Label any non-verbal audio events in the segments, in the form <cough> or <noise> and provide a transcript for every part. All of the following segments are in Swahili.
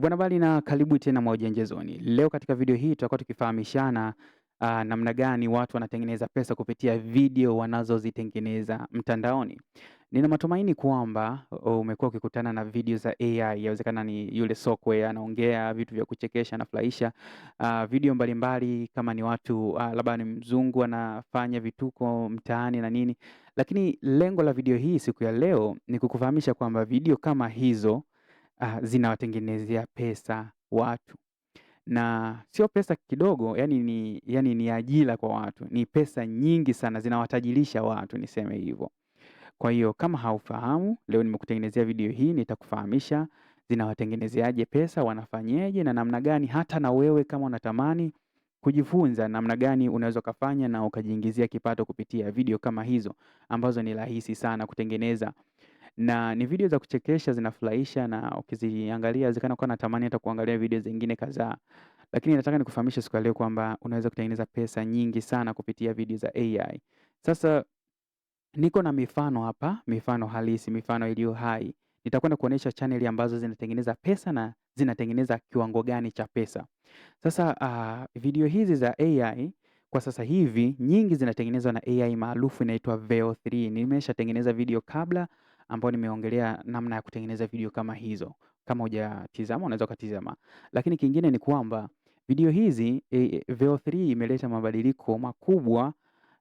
Bwana bali na karibu tena Maujengezoni. Leo katika video hii tutakuwa tukifahamishana uh, namna gani watu wanatengeneza pesa kupitia video wanazozitengeneza mtandaoni. Nina matumaini kwamba oh, umekuwa ukikutana na video za AI, yawezekana ni yule sokwe anaongea vitu vya kuchekesha, anafurahisha uh, video mbalimbali mbali, kama ni watu uh, labda ni mzungu anafanya vituko mtaani na nini, lakini lengo la video hii siku ya leo ni kukufahamisha kwamba video kama hizo uh, zinawatengenezea pesa watu. Na sio pesa kidogo, yani ni yani ni ajira kwa watu, ni pesa nyingi sana zinawatajirisha watu niseme hivyo. Kwa hiyo kama haufahamu, leo nimekutengenezea video hii nitakufahamisha zinawatengenezeaje pesa, wanafanyeje na namna gani hata na wewe kama unatamani kujifunza namna gani unaweza ukafanya na ukajiingizia kipato kupitia video kama hizo ambazo ni rahisi sana kutengeneza na ni video za kuchekesha zinafurahisha, na ukiziangalia zikana ukawa natamani hata kuangalia video zingine kadhaa. Lakini nataka nikufahamishe siku ya leo kwamba unaweza kutengeneza pesa nyingi sana kupitia video za AI. Sasa niko na mifano hapa, mifano halisi, mifano iliyo hai. Nitakwenda kuonesha channel ambazo zinatengeneza pesa na zinatengeneza kiwango gani cha pesa. Sasa uh, video hizi za AI kwa sasa hivi nyingi zinatengenezwa na AI maarufu inaitwa Veo3. Nimeshatengeneza video kabla ambao nimeongelea namna ya kutengeneza video kama hizo. Kama hujatizama unaweza ukatizama. Lakini kingine ni kwamba video hizi e, eh, VEO3 imeleta mabadiliko makubwa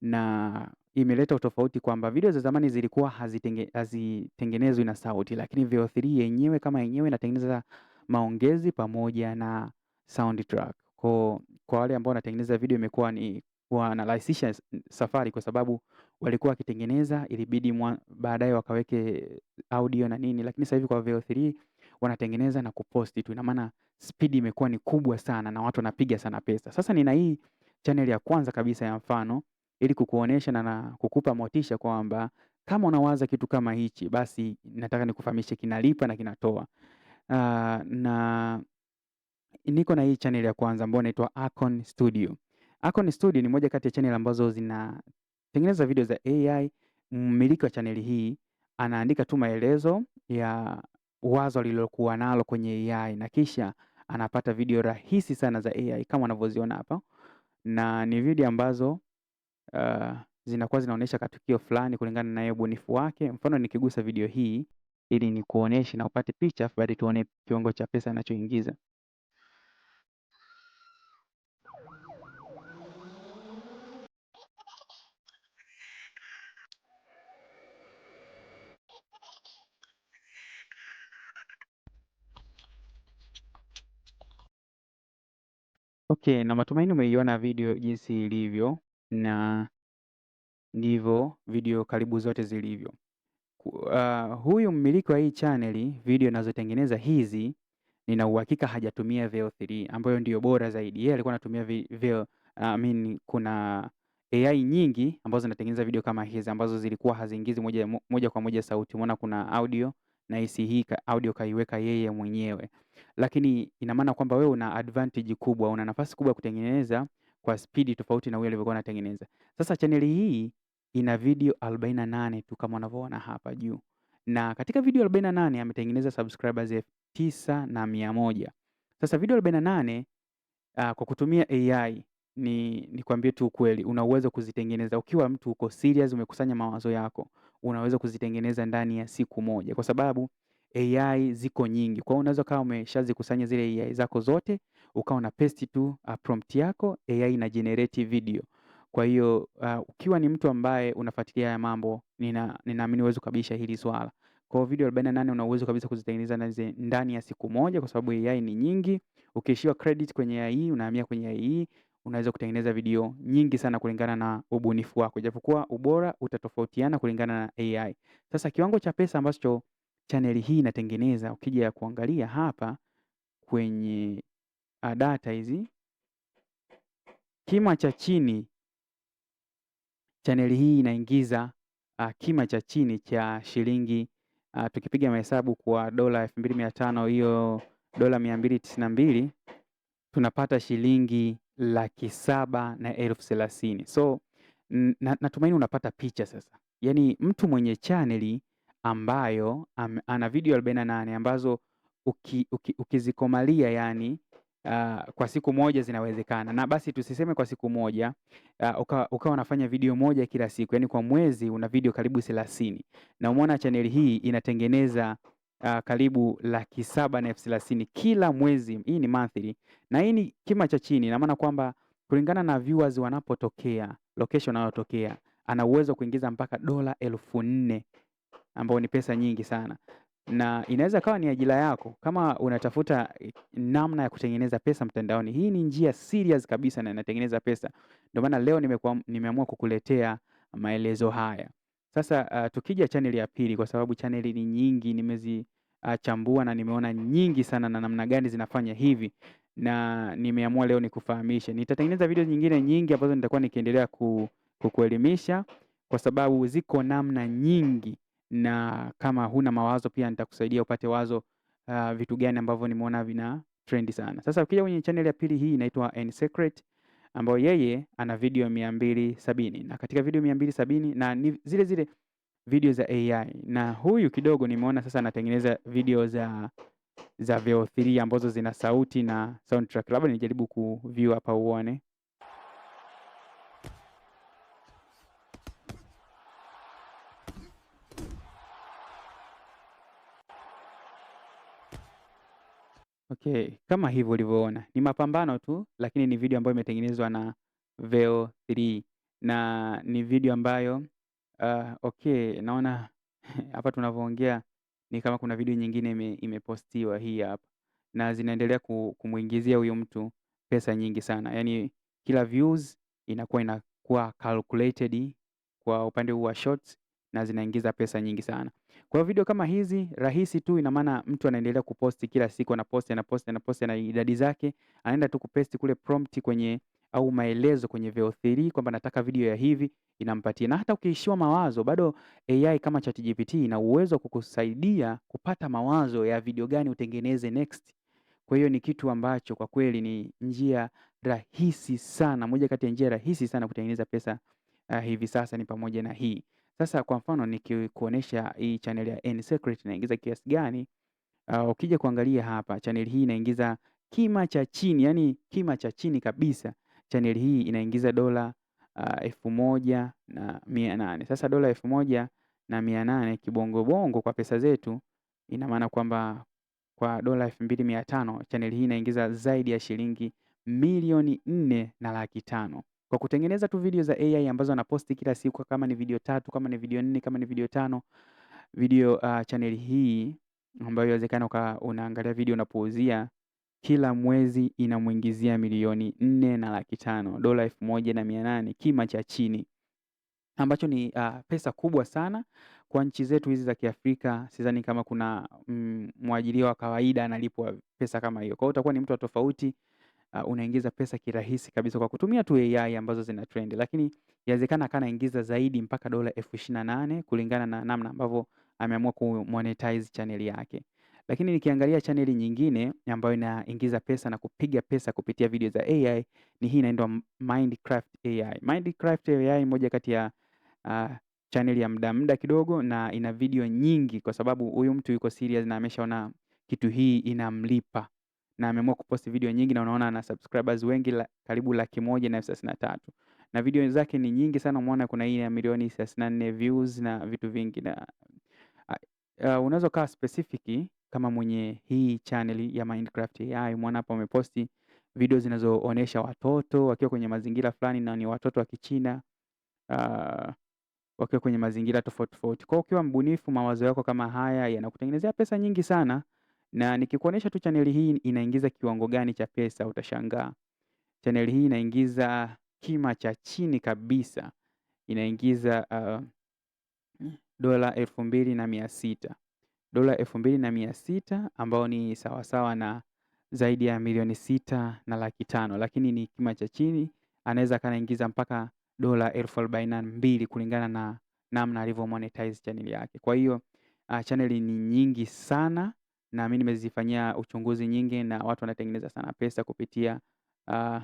na imeleta utofauti kwamba video za zamani zilikuwa hazitenge, hazitengenezwi na sauti, lakini VEO3 yenyewe kama yenyewe inatengeneza maongezi pamoja na soundtrack. Kwa, kwa wale ambao wanatengeneza video imekuwa ni wanarahisisha safari kwa sababu walikuwa wakitengeneza, ilibidi baadaye wakaweke audio na nini, lakini sasa hivi kwa VO3 wanatengeneza na kuposti tu. Ina maana speed imekuwa ni kubwa sana na watu wanapiga sana pesa. Sasa nina hii channel ya kwanza kabisa ya mfano ili kukuonesha na, na kukupa motisha kwamba kama unawaza kitu kama hichi, basi nataka nikufahamishe kinalipa na kinatoa. Uh, na niko na hii channel ya kwanza ambayo inaitwa Akon Studio. Akon Studio ni moja kati ya channel ambazo zina Tengeneza video za AI, mmiliki wa chaneli hii anaandika tu maelezo ya wazo alilokuwa nalo kwenye AI na kisha anapata video rahisi sana za AI kama unavyoziona hapa na ni video ambazo uh, zinakuwa zinaonyesha katukio fulani kulingana na ubunifu wake. Mfano, nikigusa video hii ili nikuoneshe na upate picha, bali tuone kiwango cha pesa anachoingiza. Okay, na matumaini umeiona video jinsi ilivyo na ndivyo video karibu zote zilivyo. Uh, huyu mmiliki wa hii channel video anazotengeneza hizi nina uhakika hajatumia VEO3 ambayo ndiyo bora zaidi. Yeye alikuwa anatumia VEO, I mean, kuna AI nyingi ambazo zinatengeneza video kama hizi ambazo zilikuwa haziingizi moja, moja kwa moja sauti. Umeona kuna audio na hii audio kaiweka yeye mwenyewe. Lakini ina maana kwamba wewe una advantage kubwa, una nafasi kubwa ya kutengeneza kwa spidi tofauti na huyo alivyokuwa anatengeneza. Sasa chaneli hii ina video 48 tu kama unavyoona hapa juu, na katika video 48 ametengeneza subscribers elfu tisa na mia moja. Sasa video 48 uh, ah, kwa kutumia AI ni nikwambie tu ukweli, una uwezo kuzitengeneza ukiwa mtu uko serious, umekusanya mawazo yako, unaweza kuzitengeneza ndani ya siku moja, kwa sababu AI ziko nyingi. Kwa hiyo unaweza kama umeshazikusanya zile AI zako zote, ukawa na paste tu uh, prompt yako, AI ina generate video. Kwa hiyo uh, ukiwa ni mtu ambaye unafuatilia haya mambo, nina ninaamini uwezo kabisa hili swala. Kwa hiyo video 48 una uwezo kabisa kuzitengeneza ndani ya siku moja, kwa sababu AI ni nyingi. Ukiishiwa credit kwenye AI, unahamia kwenye AI, unaweza kutengeneza video nyingi sana kulingana na ubunifu wako, japokuwa ubora utatofautiana kulingana na AI. Sasa kiwango cha pesa ambacho chaneli hii inatengeneza. Ukija kuangalia hapa kwenye ah, data hizi, kima cha chini, chaneli hii inaingiza uh, kima cha chini cha shilingi uh, tukipiga mahesabu kwa dola elfu mbili mia tano hiyo dola mia mbili mbili tunapata shilingi laki saba na elfu thelathini. So natumaini unapata picha sasa, yaani mtu mwenye chaneli ambayo am, ana video 48 ambazo uki, uki, ukizikomalia yani Uh, kwa siku moja zinawezekana, na basi tusiseme kwa siku moja uh, ukawa uka unafanya video moja kila siku, yani kwa mwezi una video karibu 30, na umeona chaneli hii inatengeneza uh, karibu laki saba na elfu thelathini kila mwezi. Hii ni monthly na hii ni kima cha chini, na maana kwamba kulingana na viewers wanapotokea, location anayotokea, ana uwezo kuingiza mpaka dola elfu nne ambao ni pesa nyingi sana, na inaweza kawa ni ajira yako. Kama unatafuta namna ya kutengeneza pesa mtandaoni, hii ni njia serious kabisa na inatengeneza pesa. Ndio maana leo nimekuwa nimeamua kukuletea maelezo haya. Sasa uh, tukija chaneli ya pili, kwa sababu chaneli ni nyingi, nimezichambua ah, uh, na nimeona nyingi sana na namna gani zinafanya hivi, na nimeamua leo nikufahamishe. Nitatengeneza video nyingine nyingi ambazo nitakuwa nikiendelea kukuelimisha, kwa sababu ziko namna nyingi na kama huna mawazo pia nitakusaidia upate wazo uh, vitu gani ambavyo nimeona vina trend sana. Sasa ukija kwenye channel ya pili hii inaitwa Secret ambayo yeye ana video mia mbili sabini na katika video mia mbili sabini na ni zile zile video za AI na huyu kidogo nimeona sasa anatengeneza video za za VO3 ambazo zina sauti na soundtrack. Labda nijaribu view hapa uone. Okay, kama hivyo ulivyoona ni mapambano tu, lakini ni video ambayo imetengenezwa na Veo 3 na ni video ambayo uh, okay, naona <laughs> hapa tunavyoongea ni kama kuna video nyingine ime, imepostiwa hii hapa, na zinaendelea kumwingizia huyu mtu pesa nyingi sana, yaani kila views inakuwa inakuwa calculated kwa upande huu wa shorts na zinaingiza pesa nyingi sana. Kwa video kama hizi rahisi tu, ina maana mtu anaendelea kuposti kila siku, anaposti anaposti anaposti na idadi zake, anaenda tu kupesti kule prompt kwenye au maelezo kwenye VO3 kwamba nataka video ya hivi, inampatia. Na hata ukiishiwa mawazo, bado AI kama ChatGPT ina uwezo kukusaidia kupata mawazo ya video gani utengeneze next. Kwa hiyo ni kitu ambacho kwa kweli ni njia rahisi sana, moja kati ya njia rahisi sana kutengeneza pesa uh, hivi sasa ni pamoja na hii. Sasa kwa mfano nikikuonesha hii channel ya Secret inaingiza kiasi gani, uh, ukija kuangalia hapa channel hii inaingiza kima cha chini, yani kima cha chini kabisa. Channel hii inaingiza dola uh, elfu moja na mia nane. Sasa dola elfu moja na mia nane kibongobongo kwa pesa zetu ina maana kwamba kwa dola elfu mbili mia tano chaneli hii inaingiza zaidi ya shilingi milioni nne na laki tano. Kwa kutengeneza tu video za AI ambazo anaposti kila siku, kama ni video tatu, kama ni video nne, kama ni video tano, video uh, channel hii ambayo inawezekana unaangalia video unapouzia kila mwezi inamwingizia milioni nne na laki tano dola elfu moja na mia nane kima cha chini ambacho ni uh, pesa kubwa sana kwa nchi zetu hizi za Kiafrika. Sidhani kama kuna mm, wa kawaida analipwa pesa kama hiyo. Kwa hiyo utakuwa ni mtu wa tofauti uh, unaingiza pesa kirahisi kabisa kwa kutumia tu AI ambazo zina trend, lakini yawezekana kanaingiza zaidi mpaka dola elfu ishirini na nane kulingana na namna ambavyo ameamua monetize channel yake. Lakini nikiangalia channel nyingine ambayo inaingiza pesa na kupiga pesa kupitia video za AI ni hii inaitwa Minecraft AI. Minecraft AI moja kati ya uh, channel ya muda muda kidogo na ina video nyingi, kwa sababu huyu mtu yuko serious na ameshaona kitu hii inamlipa na ameamua kuposti video nyingi na unaona ana subscribers wengi la, karibu laki moja na elfu thelathini na tatu na video zake ni nyingi sana, umeona kuna hii ya milioni nne views na vitu vingi na uh, unaweza kaa specific kama mwenye hii channel ya Minecraft AI. Umeona hapa wameposti video zinazoonesha watoto wakiwa kwenye mazingira fulani na ni watoto wa Kichina uh, wakiwa kwenye mazingira tofauti tofauti. Kwa ukiwa mbunifu, mawazo yako kama haya yanakutengenezea pesa nyingi sana na nikikuonesha tu chaneli hii inaingiza kiwango gani cha pesa utashangaa. Chaneli hii inaingiza kima cha chini kabisa, inaingiza uh, dola elfu mbili na mia sita dola elfu mbili na mia sita ambao ni sawasawa na zaidi ya milioni sita na laki tano lakini ni kima cha chini. Anaweza akanaingiza mpaka dola elfu arobaini na mbili kulingana na namna alivyo monetize chaneli yake. Kwa hiyo uh, ah, chaneli ni nyingi sana na mi nimezifanyia uchunguzi nyingi, na watu wanatengeneza sana pesa kupitia uh,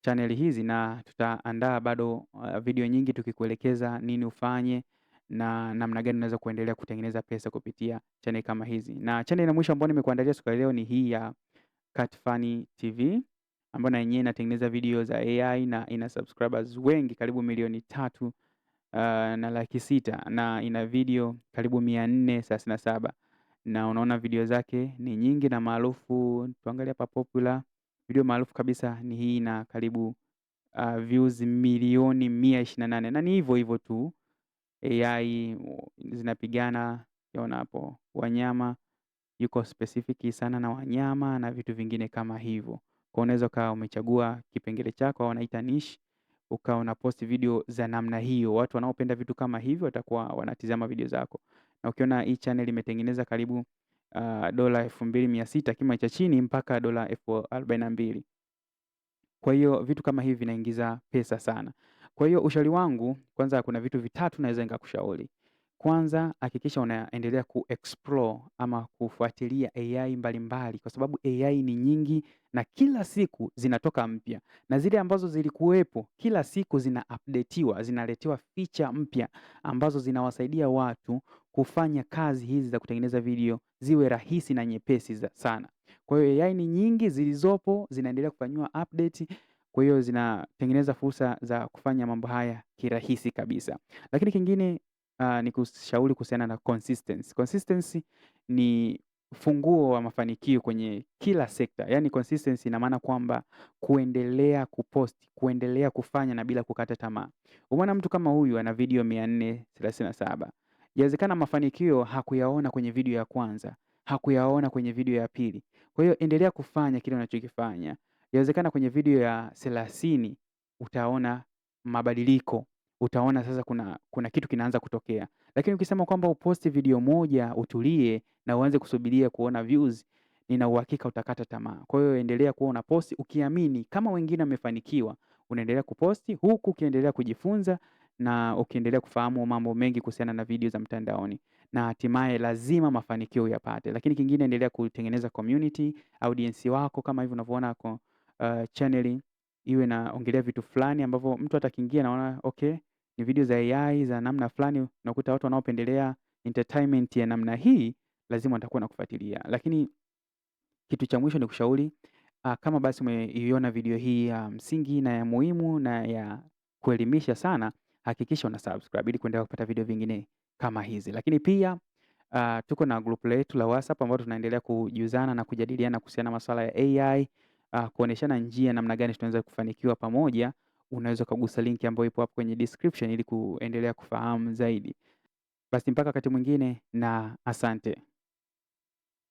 channel hizi, na tutaandaa bado uh, video nyingi tukikuelekeza nini ufanye na namna gani unaweza kuendelea kutengeneza pesa kupitia channel kama hizi. Na channel ya mwisho ambayo nimekuandalia siku ya leo ni hii ya Katfan TV ambayo na yenyewe inatengeneza video za AI na ina subscribers wengi karibu milioni tatu uh, na laki sita na ina video karibu mia nne thelathini na saba na unaona video zake ni nyingi na maarufu. Tuangalie hapa popular, video maarufu kabisa ni hii na karibu uh, views milioni mia ishirini na nane na ni hivyo hivyo tu. AI zinapigana, unaona hapo wanyama, yuko specific sana na wanyama na vitu vingine kama hivyo. Kwa unaweza ukawa umechagua kipengele chako au wanaita niche, ukawa post video za namna hiyo. Watu wanaopenda vitu kama hivyo watakuwa wanatizama video zako na ukiona hii channel imetengeneza karibu uh, dola elfu mbili mia sita kima cha chini mpaka dola elfu arobaini na mbili. Kwa hiyo vitu kama hivi vinaingiza pesa sana. Kwa hiyo ushauri wangu, kwanza kuna vitu vitatu naweza nikakushauri. Kwanza hakikisha unaendelea explore ama kufuatilia AI mbalimbali mbali, kwa sababu AI ni nyingi na kila siku zinatoka mpya, na zile ambazo zilikuwepo kila siku updateiwa, zinaletewa feature mpya ambazo zinawasaidia watu kufanya kazi hizi za kutengeneza video ziwe rahisi na nyepesi sana. Kwa hiyo AI ni nyingi zilizopo, zinaendelea kufanyiwa update, kwa hiyo zinatengeneza fursa za kufanya mambo haya kirahisi kabisa. Lakini kingine uh, ni kushauri kuhusiana na consistency. Consistency ni funguo wa mafanikio kwenye kila sekta. Yaani consistency ina maana kwamba kuendelea kupost, kuendelea kufanya na bila kukata tamaa. Umeona mtu kama huyu ana video mia nne thelathini na saba Yawezekana mafanikio hakuyaona kwenye video ya kwanza, hakuyaona kwenye video ya pili. Kwa hiyo endelea kufanya kile unachokifanya. Yawezekana kwenye video ya thelathini utaona mabadiliko, utaona sasa kuna, kuna kitu kinaanza kutokea. Lakini ukisema kwamba uposti video moja utulie na uanze kusubiria kuona views, nina uhakika utakata tamaa. Kwa hiyo endelea kuwa una posti ukiamini kama wengine wamefanikiwa, unaendelea kuposti huku ukiendelea kujifunza na ukiendelea kufahamu mambo mengi kuhusiana na video za mtandaoni na hatimaye lazima mafanikio uyapate. Lakini kingine endelea kutengeneza community, audience wako kama hivyo unavyoona hapo uh, eh, channel iwe naongelea vitu fulani ambavyo mtu hata naona okay, ni video za AI za namna fulani, unakuta watu wanaopendelea entertainment ya namna hii, lazima watakuwa na kufuatilia. Lakini kitu cha mwisho ni kushauri uh, kama basi umeiona video hii ya uh, msingi na ya muhimu na ya kuelimisha sana hakikisha una subscribe ili kuendelea kupata video vingine kama hizi. Lakini pia uh, tuko na group letu la WhatsApp ambao tunaendelea kujuzana na kujadiliana kuhusiana na masuala ya AI, uh, ah, kuoneshana njia namna gani tunaweza kufanikiwa pamoja. Unaweza ukagusa link ambayo ipo hapo kwenye description ili kuendelea kufahamu zaidi. Basi mpaka wakati mwingine na asante.